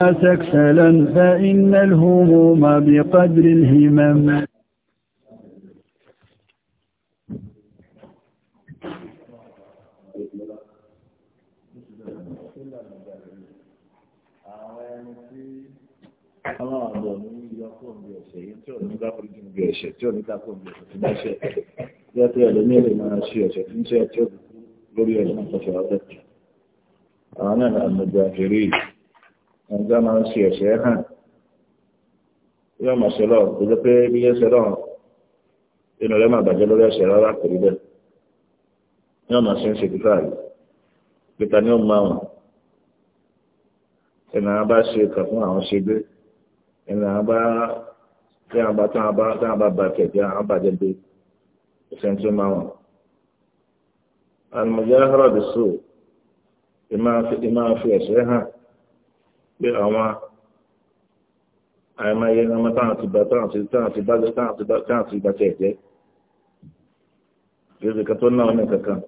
سكسلا فإن الهموم بقدر الهمم Allah'a emanet olun. ọjọ́ máa ń ṣe ẹ̀ṣẹ̀ hàn yóò máa ṣe lọ́wọ́ kó jẹ́ pé bí yẹn ṣe lọ́wọ́ inú rẹ̀ máa bàjẹ́ lórí ẹ̀ṣẹ̀ rárá kò rí bẹ́ẹ̀ yóò máa ṣe ń ṣe kíkà rẹ̀ kíkà ni ó máa wọ̀n ẹnìyàn bá ṣe kà fún àwọn ṣe gbé ẹnìyàn bá tí àwọn bá tán bá tán bá ba kẹ̀kẹ́ àwọn bàjẹ́ gbé máa àlùmọ̀jẹ́ sùn ìmáa fi ẹ̀ṣẹ̀ hàn. pé àwọn àìmáyé ọmọ táwọn ti bá táwọn ti táwọn ti bá táwọn ti bá táwọn ti bá tẹ̀ jẹ́ yóò kẹtọ́ náà ní kankan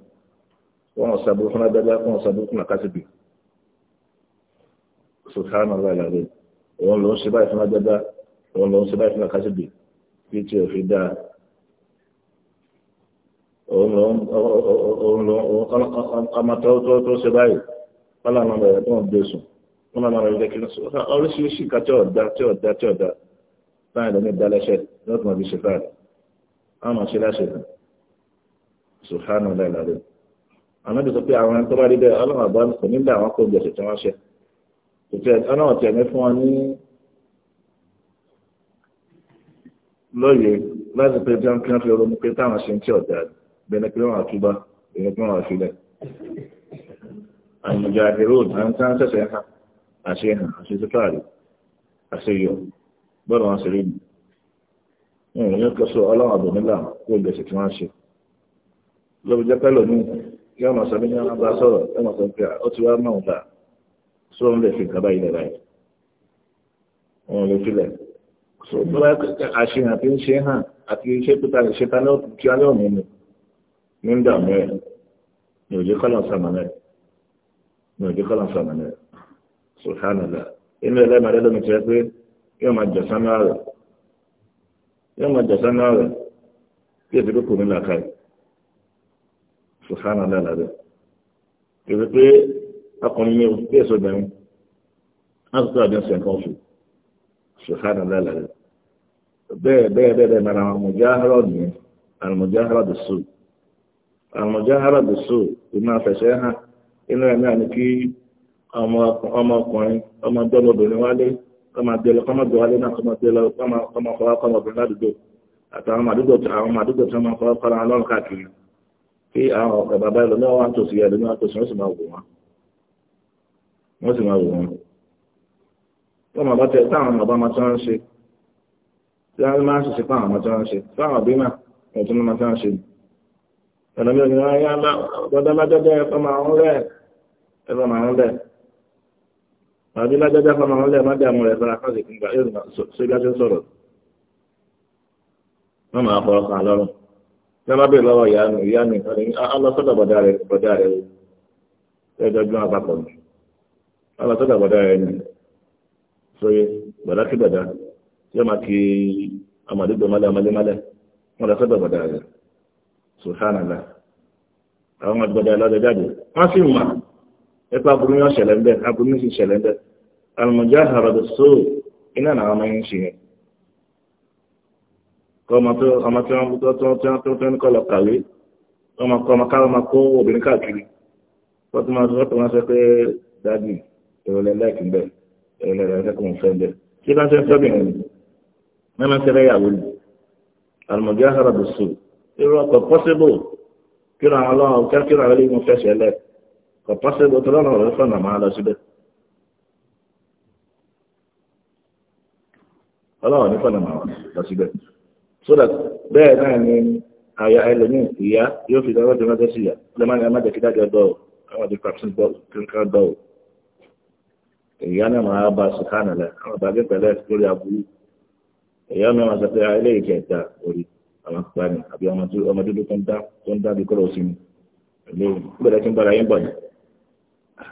wọn ò sàbò fún adájá wọn ò sàbò fún àkásìbì sùkánà láìláre òun ló ń ṣe báyìí fún adájá òun ló ń ṣe báyìí fún àkásìbì bí tí ò fi dáa òun ló ń ọmọ tó ṣe báyìí wọn làwọn ọmọ rẹ tó ń gbé sùn wọ́n máa máa rẹ̀ kí lọ́sọ̀ oríṣiríṣi nǹkan tí ọ̀dá tí ọ̀dá tí ọ̀dá báyìí lọ́mí ìdálẹ́ṣẹ̀ lọ́tún ọ̀bí ṣe fáàlì àwọn máa ṣe láṣẹ nù sùhánù láìláàdé ànábì sọ pé àwọn tó bá rí bẹ́ẹ̀ ọlọ́run àbá kò ní dá àwọn kó gbẹ̀sẹ̀ tí wọ́n ṣe ọlọ́run tẹ̀ mí fún wọn ní lóye láti pé bí wọ́n kí wọ́n fi ronú pé táwọn ṣe ń tí ọ̀dá bẹ́ẹ̀ pé wọ́n àtúbá èyí pé wọ́n àfilẹ̀ àyùnjọ àdérò àwọn tí wọ́n ń àṣehàn àṣetútàrí àṣeyọ bọ́ọ̀rọ̀ wọn ṣeré ni wọn ò ní kọ́ sọ ọlọ́run àbò nílà kó lè ṣe tí wọ́n ṣe lọ́bi jẹ́ pẹ́lú mi kí wọ́n sọ nígbà wọn bá sọ̀rọ̀ ẹ wọ́n sọ pé ó ti wá máa ń ta sọ wọn lè fi nǹkan báyìí lẹ́la yìí wọn lè filẹ̀ sọ bọ́lá àṣehàn àti ṣe hàn àti ṣe pété ṣe tán kí alẹ́ òní ni ní ń dààmú ẹ̀ ní òjò kọ́lọ̀ sàmàlẹ̀ ní òjò kọ́lọ̀ sàmàlẹ̀. subhanallah inú ẹ̀ lẹ́màá lẹ́lẹ́mi tó yẹ pé yóò máa jọ̀sán náà rẹ̀ yóò máa jọ̀sán náà rẹ̀ bí èsì kókò nínú àká yìí subhanallah làbẹ́ kìí pé ọkùnrin mi ò bí èso bẹ̀rù tó àjọ sẹ̀ nǹkan oṣù subhanallah làbẹ́ bẹ́ẹ̀ bẹ́ẹ̀ bẹ́ẹ̀ bẹ́ẹ̀ mara mujahara nìyẹn al-mujahara bis-su' al-mujahara bis-su' ìmọ̀ àfẹsẹ̀ hàn inú ọmọkùnrin ọmọ ọdọ́mọbìnrin wálé kọ́mọdé wálé náà kọ́mọdé lọ kọ́mọ fọwọ́kọ́ ọmọbìnrin ládùúgbò àtàwọn àdúgbò tí àwọn àdúgbò tí wọ́n máa fọwọ́kọ́ ara lọ́rùn káàkiri kí àwọn ọ̀pẹ̀ bàbá ẹlòmíràn wà tòsí ẹlòmíràn tòsí wọ́n sì máa wò wọ́n wọ́n sì máa wò wọ́n wọ́n máa bá tẹ táwọn ọba máa tán ṣe tí wọ́n máa ń ṣiṣẹ́ fáwọn ọmọ tán ṣe fáwọn òbí náà wọ́n tún máa tán ṣe ẹlòmíràn ni wọ́n yá bá dáadáa ẹ̀kọ́ máa ń rẹ̀ ẹ̀kọ́ máa ń rẹ̀ àbí lágbájá fọmọ àwọn ọlẹ́ẹ̀má dààmú rẹ̀ fara kan sì fún gbà yóò sójá tó sọ̀rọ̀ wọ́n máa fọ ọkàn lọ́rùn tí wọ́n bèèrè lọ́wọ́ ìyanu ìyanu ìkànnì alọ́sọ́dọ̀ bọ̀dá rẹ̀ bọ̀dá rẹ̀ ẹjọ́ gbọ́n àpapọ̀ mi alọ́sọ́dọ̀ bọ̀dá rẹ̀ ni sóye bọ̀dá kí bọ̀dá tí wọ́n máa kí ọmọdégbò mọ́lẹ̀ ọmọdémọ́lẹ̀ wọ́n lọ sọ́dọ̀ bọ̀dá rẹ̀ sùhánàlá àwọn ọmọdé bọ̀dá lọ́dọ̀ jáde nípa aburú yóò ṣẹlẹ̀ ńbẹ aburú yóò sì ṣẹlẹ̀ ńbẹ àlùmọ̀já àròdò sóò iná làwọn máa ń ṣe yẹn. kọ́ ọmọ tí wọ́n tí wọ́n tí wọ́n tí wọ́n kọ́ lọ kàwé ọmọ kọ́ ọmọ káwọn máa kó obìnrin káàkiri wọ́n ti máa tó wọ́n sọ pé dáàbì ìrọ̀lẹ́ láìkì ńbẹ ìrọ̀lẹ́ lẹ́kọ̀ọ́ fẹ́ ńbẹ tí bá ń fẹ́ fẹ́bìnrin ní wọ́n fẹ́ yàwó ni àlùmọ̀já àròdò sóò irú ọkọ̀ pọ́síbò kíra àwọn ọlọ́run kíra àwọn ilé ìwọ̀n fẹ́ ṣẹlẹ̀ kò pọ́sẹ̀ ọ̀tọ̀ lọ́nà ọ̀rẹ́ fọ́nà máa lọ síbẹ̀ ọlọ́wọ̀ ní fọ́nà máa lọ síbẹ̀ so that bẹ́ẹ̀ náà ni àyà ẹlòmíì ìyá yóò fi dáwọ́ jẹ mẹ́tẹ́ sí ìyá lẹ́mọ́ni ẹmẹ́jẹ̀ kí dájọ́ dọ́ àwọn ọdún kàpsìn kankan dọ́ ìyá náà máa bá sùkánà lẹ àwọn ìbàjẹ́ pẹ̀lẹ́ lórí aburú ìyá náà máa sọ pé ilé ìjẹ ìta orí àwọn akpani àbí ọmọ dúdú tó ń dá tó ń dá bí kọ́lọ̀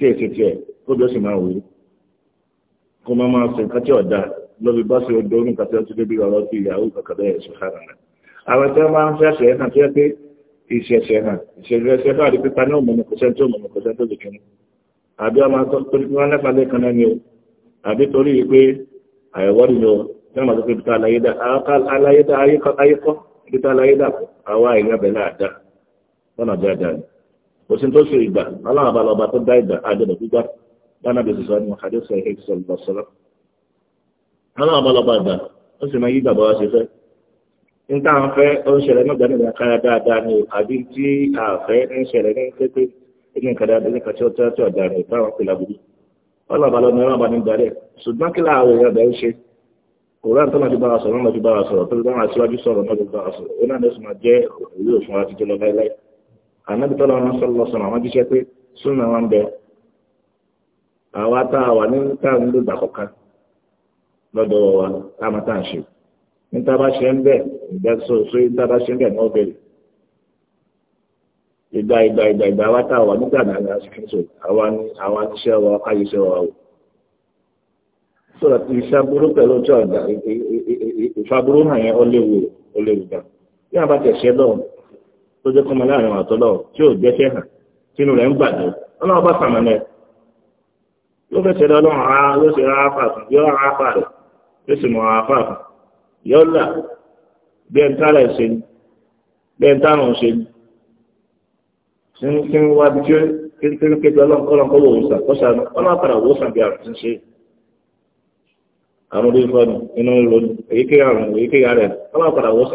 tí èsì tiẹ̀ kó bí ó sì máa wù ú kó máa máa sọ nǹkan tí ọ̀dà lọ́bi bá sí odò oníkan tí ó ti débi ọ̀rọ̀ ti ìyàwó kankan bẹ́ẹ̀ sọ sára náà. àwọn tí wọ́n máa ń fẹ́sẹ̀ ẹ̀ náà tí wọ́n pé ìṣẹ̀ṣẹ̀ náà ìṣẹ̀ṣẹ̀ ẹ̀ṣẹ̀ náà rí pípa ní òmùnú kò sẹ́ńtì òmùnú kò sẹ́ńtì òdì kìíní. àbí ọmọ torí pé wọ́n lẹ́pàá lẹ́kan náà ni o àbí torí pé àyẹ̀wò ni o tí wọ́n máa tó pé bíta aláyédà ayékọ́ bíta aláyédà àwọn àìyàn bẹ̀ náà dá lọ́nà dáadáa ni kò sí tó ṣe ìgbà ọlọ́run bá lọ́ba tó dá ìgbà àjọ̀dọ̀ gbígbà dáná bí sísọ ní àdé sọ èyí sọ lọ sọlọ ọlọ́run bá lọ́ba ìgbà ó sì máa yí ìgbà bọ́ wá ṣe fẹ́ níta ń fẹ́ ó ń ṣẹlẹ̀ nígbà nígbà kára dáadáa ni àbí tí àfẹ́ ń ṣẹlẹ̀ ní pépé ní nǹkan dáadáa nípa tí ó tẹ́ tí ọ̀dà rẹ̀ táwọn pè lábúrú ọlọ́run bá lọ́ba ní ọlọ́run bá ní darẹ̀ ṣùgbọ́n kí láàárọ̀ èèyàn bẹ̀ ń ṣe kòrán tó ànábì tọ́lọ́ wọn sọ́lọ́ sọ́nà àwọn jíṣẹ́ pé súnà wọn bẹ àwa tá a wà ní tá a ń lò dàkọ́ká lọ́dọ̀ wa tá a máa tá a ṣe níta bá ṣe ń bẹ̀ ìgbà sọ̀sọ́ níta bá ṣe ń bẹ̀ ní ọ̀bẹ̀rẹ̀ ìgbà ìgbà ìgbà ìgbà wa tá a wà nígbà náà la ṣe kí n sọ àwa ní àwa níṣẹ́ wa káyé iṣẹ́ wa o sọ̀rọ̀ ìṣàbúrú pẹ̀lú ọjọ́ ìfàbúrú hàn yẹn ó léwu ó léwu gan bí bá tẹ̀ ṣẹ́ lọ́wọ́ tó jẹ́ kọ́mọ láàrin àtọ́lọ́ tí ò jẹ́ṣẹ́ hàn tínú rẹ̀ ń ọlọ́run bá yóò fẹ́ ọlọ́run ah, yóò fún yóò rẹ̀ yóò sì mọ fún yóò là bí tára ẹ̀ ṣe ni bí tára ọ̀ ṣe ni tí ń wá bí tí ó kékeré kékeré ọlọ́run kọ́ wò wòsàn kọ́ sànù ọlọ́run padà wòsàn bí àrùn ti ń ṣe àrùn orí inú ń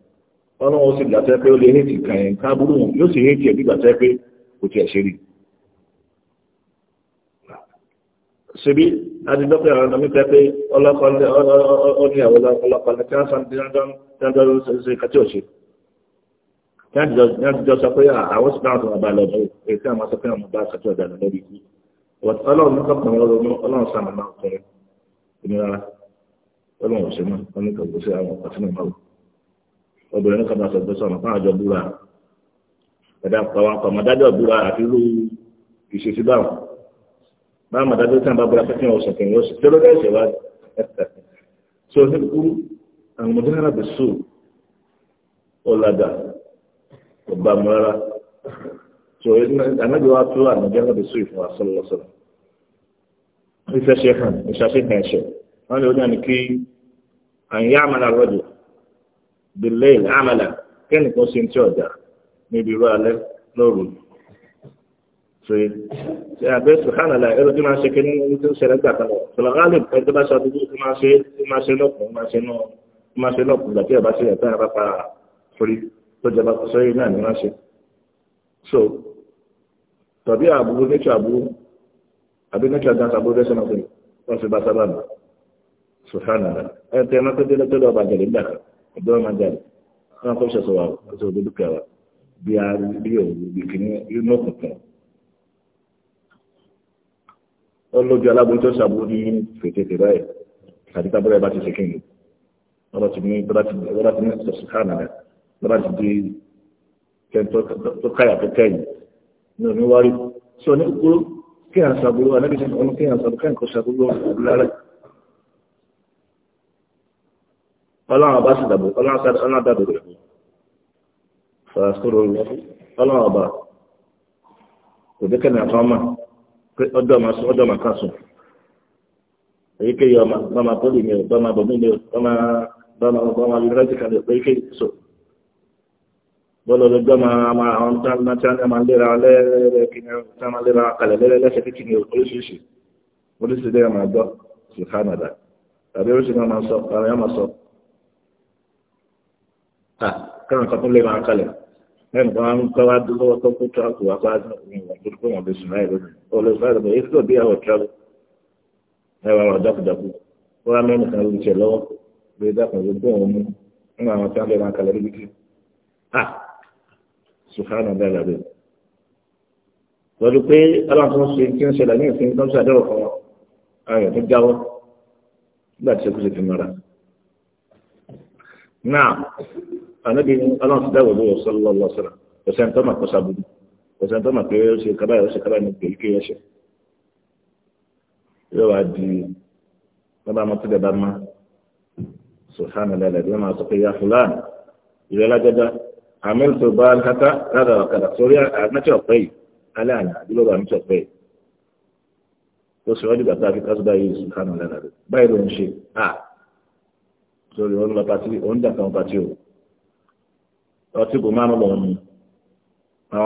ọlọ́run ó sì gbàtẹ́ pé ó lè hétì kan ẹ̀ káàbùrù wọn yóò sì hétì ẹ̀ gbàtẹ́ pé kò tiẹ̀ ṣe rí. ṣebí adidọ́pẹ́ àwọn ọmọ mi pẹ́ pé ọlọ́kọ̀ọ́lẹ́ ọ̀nìyàwó ọlọ́kọ̀ọ́lẹ́ tí wọ́n sọ ní dandan ṣe kàtí ọ̀ṣẹ́. kí wọ́n ti jọ sọ pé àwọn sì náà tó wọn bá lọ bẹ́ẹ̀ èyí tí àwọn sọ pé àwọn bá kàtí ọ̀dà lọ lórí ikú. ọlọ́run ní kọ́kàn ọlọ́run sàmà máa ń kọrin ìnira ọlọ́run ò ṣe mọ́ ọ obìnrin kan bá sọ pé sọ̀rọ̀ fún àjọ búra ẹ̀dá àwọn àkọ̀mọ̀dájọ́ búra àti irú ìṣesí báwọn báwọn mọ̀dájọ́ tí wọ́n bá búra pẹ́kí wọn sọ kí wọ́n sọ tí ó lọ́dọ̀ ẹ̀ṣẹ̀ wá tí ó ní kúrú àwọn ọmọdé náà bẹ̀ sùn ọ̀làdà ọ̀bà mọ́ra tí ó ànágbé wa tó àwọn ọmọdé náà bẹ̀ sùn ìfún wa sọ́lọ́sọ́lọ́ hàn ìṣàṣe hàn ẹ̀ṣẹ̀ wọ́n lè ó ní bìlẹ́yìn àmàlà kẹ́ni kan ṣe ń tí ọ̀dà níbi irú alẹ́ lóru ṣe ṣe àbẹ́ sùhánàlà ẹ̀rọ tí máa ṣe kí ní tí ń ṣẹlẹ̀ gbà kan lọ sọlọ́gálì ẹgbẹ́ bá ṣàdúgbò tí máa ṣe tí máa ṣe lọ́kùn máa ṣe náà tí máa ṣe lọ́kùn gbà tí ẹ̀ bá ṣe ẹ̀tọ́ ẹ̀bá pa torí tó jẹba kó sọ́yìn náà ní máa ṣe. so tọ̀bí àbúrú nítsọ àbúrú àbí nítsọ àdáńsá àbúrú dẹ́sẹ̀ náà fún mi wọ́n fi bá sábà mọ́ sùhánàlà ẹ̀ tẹ́ ẹ goma gari suna kwashe su wa su da duka wa biya biyo bikini yunọ kankan wọn lójú alábòójútó ṣàbò ní fètètè báyìí àti tábìlì bá ti ṣe kí ni lọ́dọ̀ ti ní lọ́dọ̀ ti ní sọ̀sùkánà rẹ̀ lọ́dọ̀ ti di tó káyà tó kẹ́yìn ní oníwárí tí oníkúkú kí à ń ṣàbúrò anábìsí kí à ń kí à ń kọ́ ọlọ́run ọba sì dàbò ọlọ́run dàbò rẹ̀ fàṣọrọ ọlọ́run ọba kò dé kẹ́ni àkọ́ ọmọ pé ọdọ ọmọ sùn ọdọ ọmọ kan sùn èyíkéyìí ọmọ bọ́mọ pọ́lì mi ò bọ́mọ bọ́mí mi ò bọ́mọ bọ́mọ bọ́mọ yunifásitì kan lè èyíkéyìí sọ bọ́lọ̀ ló gbọ́mọ àwọn àwọn tí wọ́n ti ń máa léra lẹ́rẹ̀ẹ́ kí ni tí wọ́n máa kalẹ̀ lẹ́rẹ̀ lẹ́sẹ̀ kí ni oríṣiríṣi oríṣiríṣi lẹ́yìn máa gbọ́ sí Canada tàbí oríṣiríṣi máa sọ káwọn kan tó lè máa kalẹ̀ bẹ́ẹ̀ nǹkan máa ń kọ́ wá dúró lọ́wọ́ tó kó tíráàkù wá bá ìwọ̀n tó kó wọn lè sùn láì lónìí olè sùn láì lónìí èyí tó bí àwọn tíráàkù ẹ wà wọ́n dákúdákú wọ́n á mẹ́rin kan lórí tiẹ̀ lọ́wọ́ lórí dákun ló gbọ́ òun mú nínú àwọn tí wọ́n lè máa kalẹ̀ níbi tí a sùfàánà bẹ́ẹ̀ làbẹ́ lọ́dú pé aláǹtọ́ ṣe kí ń ṣẹlẹ̀ ní ìsinmi tó ń ṣàdéhùn fún wọn ayọ̀ tó jáwọ́ nígbà tí ṣekú ṣe fi mọ́ra. náà ànábì ọlọ́run ti dáwọ̀ lóyọ̀ sọ́lọ́ lọ́sọ̀rọ̀ ọ̀sẹ̀ tó mà kọ́sà bùdù ọ̀sẹ̀ tó mà pé ó ṣe kábà ó ṣe kábà ní pèlú kí ó ṣe. yóò wá di bàbá mọ́tò dẹ̀ bá má sùhánà lẹ́lẹ̀ bí wọ́n máa sọ pé ya fúlàn ìrẹ́ lájọ́dá àmẹ́lì tó bá kátá rárá ọ̀kadà sórí àmẹ́tì ọ̀pẹ́ yìí alẹ́ àná àdúgbò àmẹ́tì ọ̀pẹ́ yìí tó sọ ọdún gbàtà àfi kásùbà yìí sùhánà lẹ́lẹ̀ báyìí ló ń ṣe à sórí òun lọ pàtí òun dàkàn pàtí òun. ọtí bò máa ń lọ a àwọn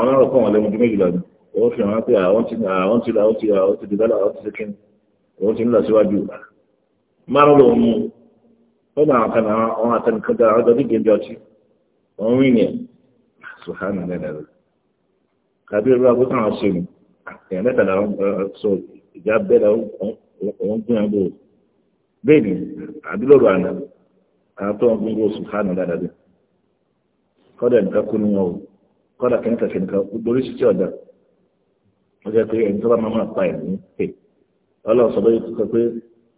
ọlọ́rọ̀ kọ́ wọn lẹ́nu bí méjìlá ni ó fi hàn pé àwọn ti àwọn ti àwọn ti àwọn ti dìbẹ́lá àwọn ti ṣe kíni òun ti ń lọ síwájú máa ń lọ ó kan àwọn ọtí rìn yẹn lẹ́nu kàbí kan kọ́dà nǹkan kú ní wọn o kọ́dà kẹ́ńtà kẹ́ńtà lórí sí tí ọ̀dà ó jẹ́ pé ẹni tó bá máa pa ẹ̀mí pè ọlọ́run sọ lórí kíkọ pé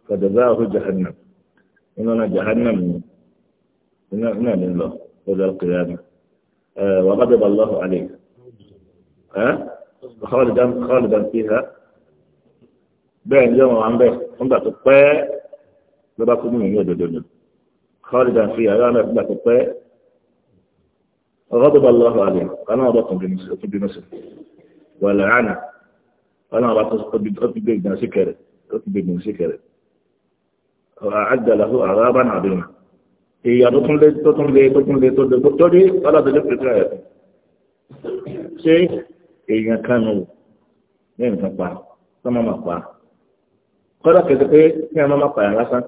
kọ̀dọ̀dọ̀ àhó jahannam iná náà jahannam ni iná náà ní lọ lọ́dọ̀ kìláàmù wà á bẹ̀rẹ̀ lọ́hù alẹ́ khalidan fiha bẹ́ẹ̀ ni yọ̀wọ̀n wa ń bẹ̀ nígbà tó pẹ́ ló bá kú nínú ìlú òdòdó ni khalidan fiha yọ̀wọ̀n náà nígbà tó pẹ́ غضب الله عليه أنا أبطن بنصر بنصر ولعنة أنا أبطن بنصر كره بنصر كره وأعد له عذابا عظيما ìyà tó tún lé tó tún lé tó tún lé tó lé tó dé ọlọ́dọ̀dọ̀ pẹ̀lú ẹ̀ ṣé èèyàn kanu ní nǹkan pa tó máa pa kọ́dọ̀ kẹsì pé kí a máa pa ẹ̀ lásán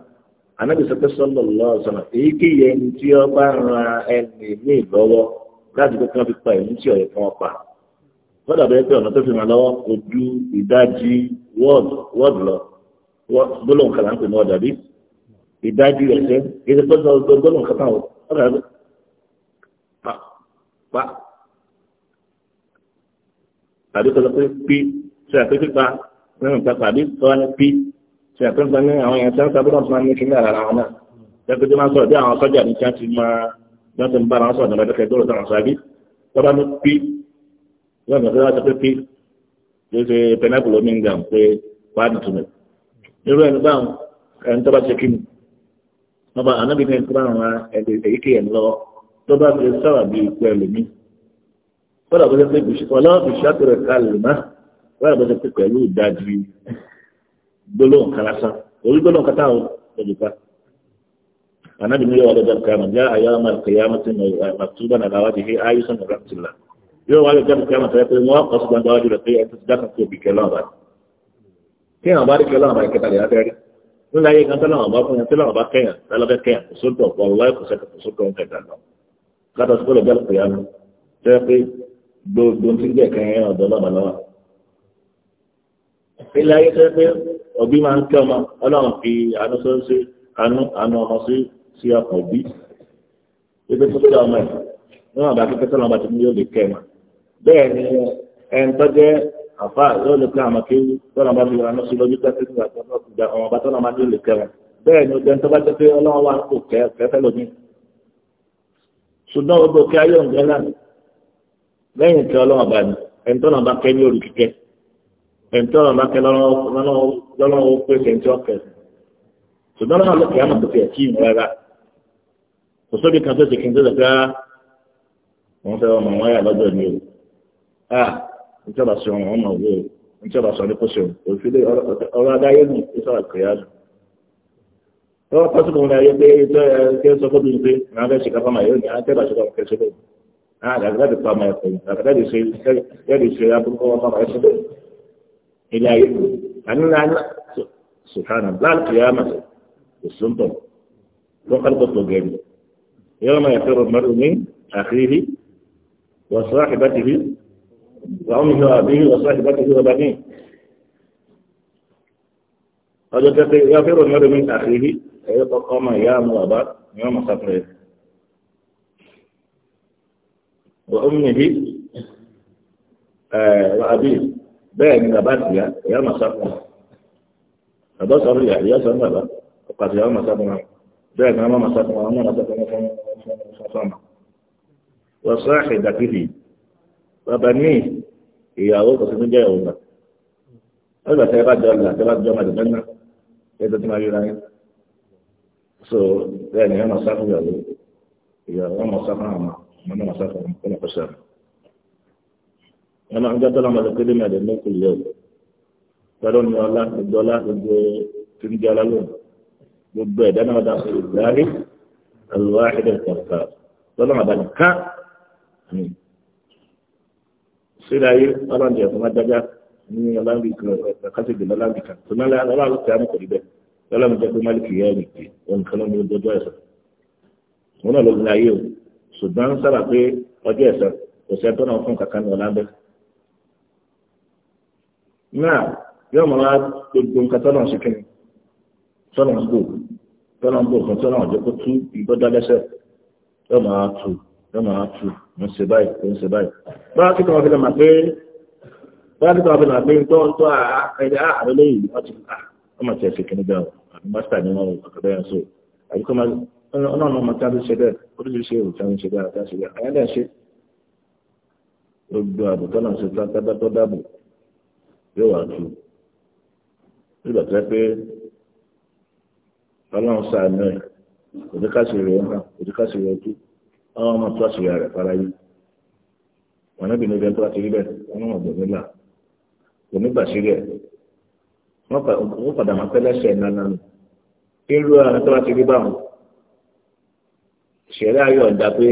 anábìsọ pé sọ́lọ̀ lọ́ọ̀sán èyí kí yẹn tí ó bá ran ẹni ní ìlọ́wọ́ láti pé kí wọ́n fi pa ìlú tí ọ̀yẹ́ kí wọ́n pa wọ́n dàbí pé ọ̀nà tó fi máa lọ́wọ́ ojú ìdajì wọ́ọ̀dù lọ gbólóhùn kan láǹpẹ̀ náà dàbí ìdajì ẹ̀sẹ̀ ètò tó sọ gbólóhùn kan táwọn ọ̀gá rẹ̀ pa pa tàbí tó sọ pé pí ṣe àpé pípa nínú ìta tàbí tó wá ní pí ṣe àpé nípa ní àwọn èèyàn tí wọ́n sábúrò fún wa ní kíní àrà àwọn náà láti ń bára wọn sọ̀rọ̀ nígbà tẹ́kẹ́ gbọ́dọ̀ táwọn sábí tọ́ba ní pí yóò gbọ́dọ̀ wá sọ pé pí yóò ṣe pẹnápùlù omi ń gà ń pé pàdé túnbẹ̀. irú ẹni báwọn ẹni tọ́ba ṣe kí ni wọ́n bá anábì ní ẹ̀kọ́ àwọn èyíkéyìí ẹ̀ lọ tọ́ba ṣe sábà bíi ikú ẹ̀ lómi. kọ́dà bó ṣe pé ọlọ́ọ̀bì ṣàtúrẹ̀ kalẹ̀ má kọ́dà bó ṣe pé pẹ̀lú ìdajì gbólóhùn kalasa orí gbólóhùn kátà ò annabi ne yawa da zarka man ja a yawon kiyamatin mai maktuban alawa da ya ayi son rahmatullah yau wa da zarka kiyamata ya kai muwa kasu ban dawaji da kai ya tafi dakan ko bikin lawa ba kai na ba da kyau lawa ba ka tare ya tare sun da yi kan talama ba kun yanzu lawa ba kai ya talaba kai ya kusurta wallahi ku saka kusurta wanka da lawa kata su kula zarka kiyama ta kai don tun da kan yana da lawa lawa ilé ayé tẹ́ pé ọbí máa ń kẹ́ ọmọ fi àánú sọ́ọ́sì àánú ọmọ sí ọkọ̀ bí ebi tó tẹ ọmọ ẹ̀ níwọ̀n bá pípẹ́ sọ́nà ọba tó ní yóò lè kẹ́ ẹ̀ mà bẹ́ẹ̀ ni ẹni tó jẹ́ àfa yóò lè kẹ́ àmọ́ kéwú sọ́nà ọba tó yọra ní sọ́nà ọba tó yọra ọmọ ọba tó náà máa ní yóò lè bẹ́ẹ̀ ni ọjọ́ tó bá jẹ́ pé ọlọ́run wà kò kẹ́ fẹ́fẹ́ lómi ṣùgbọ́n gbogbo kí ayé òǹgẹ́ náà lẹ́yìn tí ọlọ́run ọba ni ẹni náà bá kẹ́ ní olùkíkẹ́ ẹni náà bá kẹ́ lọ́rùn ó pèsè ẹni tí ṣùgbọ́n náà lọ́kì àmọ̀ tó fi ẹ̀kí ìmú rárá kò sóbi kan tó ṣe kí n tó dọ̀gá wọn fẹ́ ọmọ wọn yà lọ́dọ̀ ni o a n tí a bá sọ wọn ọmọ òwe o n tí a bá sọ ní kó ṣe o òfin ọ̀rọ̀ adáyé nù kí sọ̀rọ̀ kìíyà nù. lọ́wọ́ pásítọ̀ wọn ayé pé ẹjọ́ kí ẹ sọ fún mi pé màá fẹ́ ṣe káfá màá yóò ní àti ẹ̀bà ṣùgbọ́n kẹsẹ̀ lóyún. a àgàgàdì pa ọmọ ẹ̀kọ́ àgàgàdì ṣe yẹ́dì ṣe بالسلطة وخلق الطجاب يوم يفر المرء من أخيه وصاحبته وأمه وأبيه وصاحبته وبنيه قد يفر المرء من أخيه فيتقام يا مرابات يوم سفره وأمه آه، وأبيه بين نباتها يوم سفره فبصر يحيى سنبات ọ̀pàtì yàwó màsàbọ̀nà bẹ́ẹ̀ gan máa màsàbọ̀nà wọn náà màsàbọ̀nà fún fọ́nà wọ́n sọ àṣẹ ìdàkìlì bàbá ní ìyàwó kò sí ní jẹ́ òun náà wọ́n gbà tẹ́ bá jọ là tẹ́ bá jọ màdì mẹ́nà ẹ̀dọ́ tí máa yíra yín so bẹ́ẹ̀ ni wọ́n màsàbọ̀ yàwó ìyàwó màsàbọ̀ àmà wọn náà màsàbọ̀ wọn kò sẹ́nu wọn náà ń jẹ́ tọ́lá màdì pẹ̀lú ọlá gbogbo ọlá gbogbo tí ń jẹ́ ọlá gbogbo ẹ̀dá náà dá sí ìdárí àlùwá ẹ̀dẹ̀ kọ̀ọ̀kà lọ́nà àbáni ká ní. síra ayé ọlọ́ọ̀dẹ̀ ẹ̀fọ́ máa dájá ní ọlọ́ọ̀bìkan kásìdì lọ́lọ́ọ̀bìkan tó náà ọlọ́ọ̀lọ́kẹ́ àmì kòrí bẹ́ẹ̀ lọ́lọ́ọ̀dẹ̀ pé máàlìkì yẹ́ ẹ̀rì pé òun kan ní ọjọ́ ẹ̀sán. wọn náà ló ayé o ṣùgbọ́n sábà pé ọjọ́ ẹ̀sán kò sẹ́ tó náà fún kankan ní ọ̀làbẹ́. náà yóò mọ̀ wá gbogbo nǹkan tó náà ṣe kíni tọ́nà ń bò tọ́nà ń bò fún tọ́nà ọ̀jọ́ kó tú ìgbọ́dá lẹ́sẹ̀ yóò máa tù máa tù ń ṣe báyìí ń ṣe báyìí. fi a ṣe kìnnìkan o àti mástà ni wọn àkàbẹ́ yẹn so àbí kọ́ ti ṣe bẹ́ẹ̀ oríṣiríṣi a ti ṣe bẹ́ẹ̀ gbogbo ọlọ́run sàánú ẹ̀ òdíkàsí rẹ̀ ń hàn òdíkàsí rẹ̀ tú ọmọ ọmọ tó àṣírí rẹ̀ fáráyé wọn náà bìnrin bẹ́ẹ̀ tó àti rí bẹ́ẹ̀ wọn náà gbọ̀ nílà onígbàsírí ẹ̀ wọ́n padà máa pẹ́ lẹ́sẹ̀ nánà nù irú àwọn tó àti rí báwọn ìṣẹ̀lẹ̀ ayọ̀ ọ̀dà pé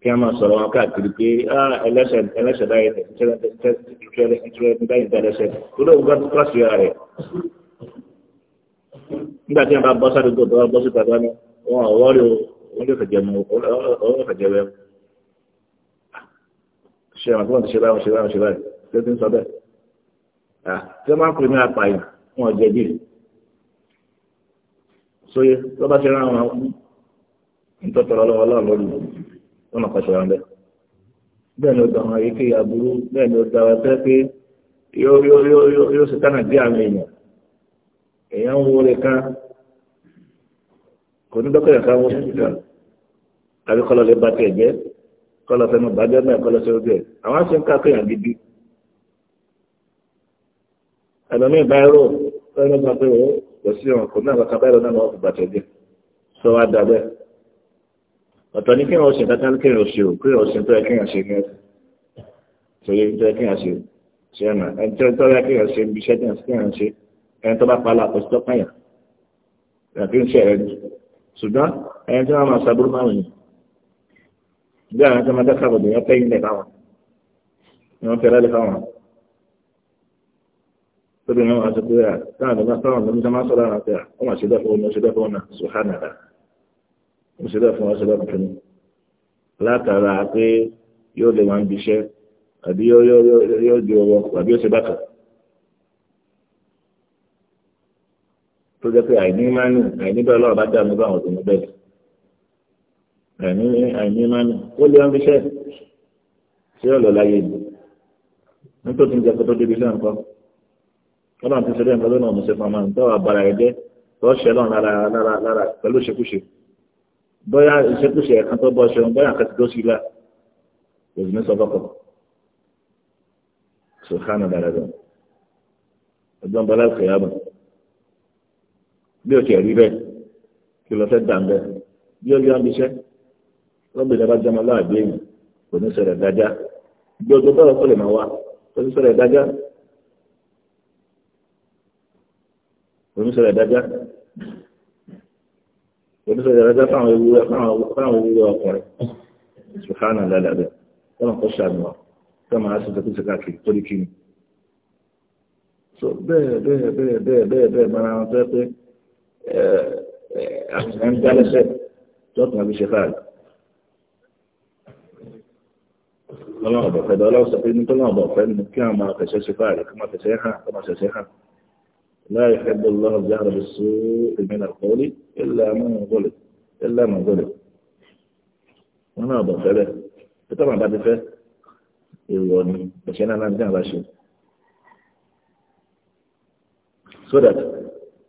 kí a máa sọ̀rọ̀ wọn káàkiri pé ah, ẹlẹ́sẹ̀ báyìí tẹ̀síṣẹ́ nígbà tí wọ́n bá bọ́ sáré gbọ́dọ̀ wọ́n bọ́ sí pàtó ni wọ́n ọ̀rọ̀ rẹ̀ wọ́n lè fẹ̀jẹ̀ mú ọ̀rọ̀ fẹ̀jẹ̀ rẹ̀ ṣe àwọn tí wọ́n ti ṣe báyìí ṣe báyìí ṣe báyìí ṣé ti ń sọ bẹ́ẹ̀ tí wọ́n máa ń ní apààyàn wọn jẹ bí sóye tó bá ṣe rán àwọn ìtọ́tọ̀ lọ́wọ́ ọlọ́run lórí wọn náà kọ́ṣọ́ rán bẹ́ẹ̀ bẹ́ẹ̀ ni ó da àwọn ayékéyà burú bẹ́ẹ̀ ni ó da èèyàn ń wo rẹ̀ kan kò ní dọ́kítà kan wọ́n sì kan tàbí kọ́lọ́ lè ba tiẹ̀ jẹ́ kọ́lọ́ fẹ́nu bàjẹ́ náà kọ́lọ́ sí ojú ẹ̀ àwọn aṣọ ń ká kéèyàn gidi ẹ̀lọ́mí ìbáyọ̀rọ̀ ẹ̀rọ máa pé wọ́n kò sí ọ̀hún kò náà bàtà báyọ̀ náà wọ́n fi bàtà jẹ́ sọ wá dà bẹ́ẹ̀ ọ̀tọ̀ ni kéèyàn ọ̀sìn kankan kéèyàn ọ̀sìn o kéèyàn ọ̀sìn tó yẹ kéèyàn ṣe ní ẹ̀sìn torí tó yẹ kéèyàn ṣe ṣe ẹ̀nà ẹni tó yẹ kéèyàn ṣe ibi iṣẹ́ kéèyàn ṣe ẹni tó bá pa aláàpọ̀ sí tọ́pá yàn àti ń ṣe rẹ̀ ni ṣùgbọ́n ẹni tí wọ́n máa ṣàbúrú máa wọ̀nyí bí àwọn tí wọ́n máa dákà bọ̀dọ̀ yẹn pẹ́yìn lẹ̀ fáwọn ni wọ́n fẹ́rẹ́ lẹ̀ fáwọn tóbi ní wọn àti pé à táwọn ọ̀dọ́ táwọn ọ̀dọ́ níta máa sọ̀rọ̀ àwọn àti à wọ́n máa fún wọn ṣe bẹ́ẹ̀ fún wọn sùhánàlá wọ́n ṣe bẹ́ẹ̀ fún wọn ṣe látara pé yóò lè wọn bí iṣẹ́ àbí yóò yóò yóò di owó àbí yóò ṣe bákan tó jẹ́ pé àìní mánì àìní bẹ́ẹ̀ lọ́wọ́ bá dààmú báwọn tó ń bẹ̀rẹ̀ àìní àìní mánì ó lé wọn fi ṣẹ́ ṣé ọ̀lọ́ láyé ni nítorí tó ń jẹ́ pé tó débi iṣẹ́ nǹkan ọlọ́run ti ṣe bẹ́ẹ̀ lọ́nà ọ̀mùsẹ̀ fún ọmọ nítorí àbára ẹ̀ jẹ́ lọ́ọ̀ṣẹ́ lọ́run lára lára lára pẹ̀lú ìṣekúṣe bóyá ìṣekúṣe ẹ̀kan tó bọ́ ṣeun bóyá àkàtì tó sì la òsì ní sọ́kọ̀kọ̀ sùhánà dáadáa ọjọ́ ń bọ́lá ìkẹyàbọ̀ bí o ti rí bẹ́ẹ̀ kí lọ fẹ́ dà ń bẹ́ẹ̀ bí o yọ ọ́nbíṣẹ́ lọ́gbẹ̀dẹ̀ bá jẹun aláàgbé yìí kò ní sọ̀rọ̀ dájá bí o tó bọ̀rọ̀ kọ́ lè máa wá kò ní sọ̀rọ̀ dájá kò ní sọ̀rọ̀ dájá kò ní sọ̀rọ̀ dájá fáwọn ewúrẹ́ fáwọn ewúrẹ́ ọkùnrin sùhánà lálẹ́ wọn kò sàmìwà tó máa sọ tẹkùsẹ káàkiri tó ní kíni. so bẹ́ẹ̀ bẹ́ẹ̀ bẹ́ẹ̀ bẹ́ẹ̀ bẹ́ẹ̀ bẹ́ẹ̀ mara wọn fẹ́ pé. أحسن تطمع فإذا لا استفيد من فإن كما كما كما لا يحب الله الجهر بالسوء من القول إلا من ظلم إلا من ظلم وناضى فإذا طبعا بعد فات يقول بشينا نعم جهر بشينا سورة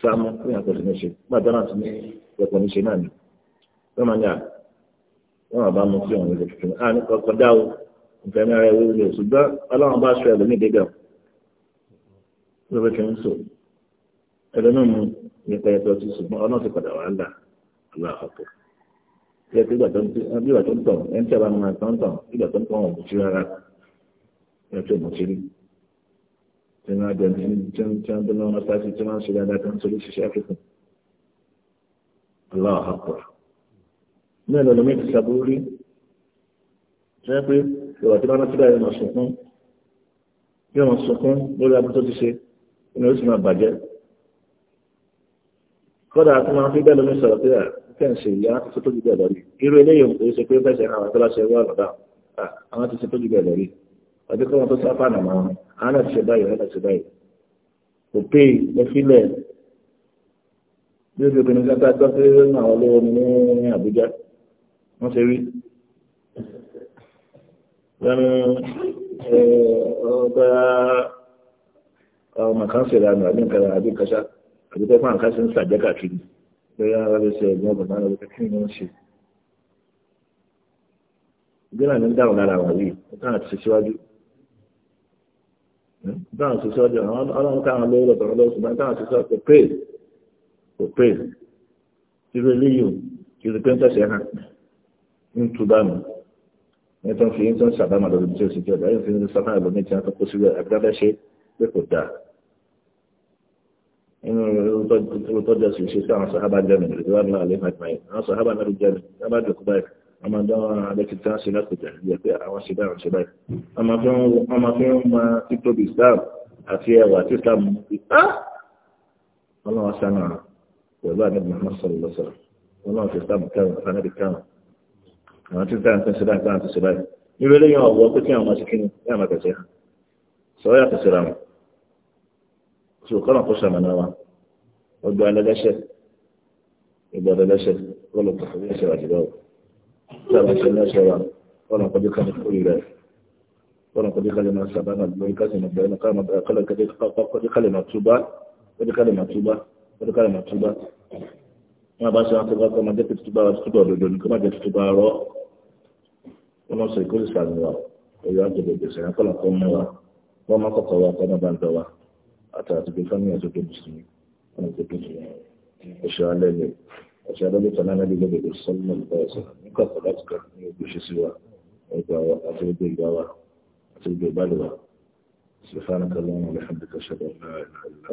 sáàmù kí ni àkọsí ní ṣe gbàdá náà ti ní ẹ̀kọ́ ní ṣe náà ni wọ́n máa ní à wọ́n máa bá mu sí ọ̀hún ẹ̀jẹ̀ tuntun à ní kọ́kọ́ dá o nǹkan mẹ́rin ẹ̀wọ́ ìlú ṣùgbọ́n ọlọ́run bá aṣọ ẹ̀lómi gíga ló fẹ́ fi ń sọ ẹlẹ́nu mu ní pẹ́yẹpẹ́ ọtí ṣùgbọ́n ọlọ́run ti padà wà á là àlọ́ àkọ́kọ́ yẹ kí ń tọ̀ ẹ̀ ń tẹ̀ bá máa tọ̀ ń tọ̀ ìgbà tí wọ́n àjọ tí wọ́n bí lọ́wọ́ sáà sí tí wọ́n ń ṣe dáadáa tó ń sọlé ṣiṣẹ́ àfikún. aláwọ̀ àpọ̀. ní ẹ̀rọ lómi ti sàbúrú rí ṣe pé ìwà tí wọ́n rántí dáa yóò sunkún yóò sunkún lórí abúlé tó ti ṣe inú ó sì máa bàjẹ́. kọ́dà tó máa fi bẹ́ẹ̀ lómi sọ̀rọ̀ pé kẹ́ǹsì ìyá ti tó ju bẹ́ẹ̀ lọ rí irú eléyìí ọdún kí wọ́n tó sáfà nà máa àwọn náà ti ṣe báyìí wọ́n náà ti ṣe báyìí kò pé lẹ́fílẹ̀ bí oṣù kìnìún kátà gbọ́ pé àwọn olówó ni ní Àbújá wọ́n ṣe rí lẹ́nu ọgbà ọmọ kan ṣe lánàá àbí nǹkan àbí kàṣá àbí pẹ́pẹ́ àǹkà ṣe ń ṣàjẹ́ káàkiri lórí ara rẹ̀ ṣe ẹ̀gbọ́n bàbá rẹ̀ pé kí ni wọ́n ṣe. ìgbéra ń dáhùn lára wà yìí ó kàn ti ṣíwájú táwọn ṣiṣẹ́ ọjọ́ ọlọ́run káwọn lórí ọ̀tọ̀ ọlọ́run ṣùgbọ́n táwọn ṣiṣẹ́ kò pè kò pè irú eléyìí kì í pé ń tẹ̀sẹ̀ hàn ń tu bánu ní tó ń fi ń tó ń sàbámà lórí ibi tí ó sì jẹ́ ọ̀dà yóò fi ń sábà lọ ní ti wọn àwọn sàhábà náà jẹ́mi sábà dùkú báyìí a máa dá wọn ààrẹ ti tán ṣe lásìkò ìyẹ̀ pé àwọn ṣe báyìí ṣe báyìí a máa fi ń ma títóbi islam àti ẹwà tí islam mú sí á ọlọ́wọ́ sánà pẹ̀lú àdébù Muhammad sallallahu alaihi wasallam ọlọ́wọ́ ti islam kẹrin àfẹnẹ́bí kẹrin àwọn tí táwọn tán ṣe báyìí táwọn ti ṣe báyìí níbi ọ̀wọ́ pé kí àwọn máa ṣe ní àwọn sọ yàtọ̀ síra wọn tí òkọ́ náà kó ṣàmàlà wa ọgbà ẹlẹ́dẹ́ṣẹ̀ ìgbà ẹlẹ́dẹ́ṣẹ̀ kọ́ ló kọ̀ sábà ṣe lọ́ṣẹ́ wa wọ́n kọjú kalẹ̀ fún rẹ̀ wọ́n kọjú kalẹ̀ máa sábà náà lórí kásì náà bẹ̀rẹ̀ kọjú kalẹ̀ máa túbá kọjú kalẹ̀ máa túbá kọjú kalẹ̀ máa túbá wọn bá ṣe wọn tó bá kọ́ máa jẹ́ tuntun bá wa tuntun bá òdodo ní kó má jẹ́ tuntun bá rọ́ wọn lọ sọ ìkórè sàmì wa òye wa jẹ gbèsè yẹn kọ́ làkọ́ mọ́ wa wọ́n má kọ́kọ́ wa kọ́ má bá ń alẹ́ lẹ̀ ẹ̀ṣọ́ alẹ́ náà lè lọ́gbẹ̀dẹ̀ sọ́lá náà lọ́wọ́ kọ̀ọ̀kan láti kàn ní ojúṣe sí wa ẹgbà àti àti سبحانك اللهم وبحمدك اشهد ان لا اله الا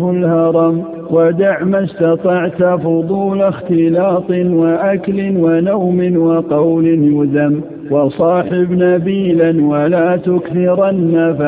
انت الهرم ودع ما استطعت فضول اختلاط وأكل ونوم وقول يذم وصاحب نبيلا ولا تكثرن فك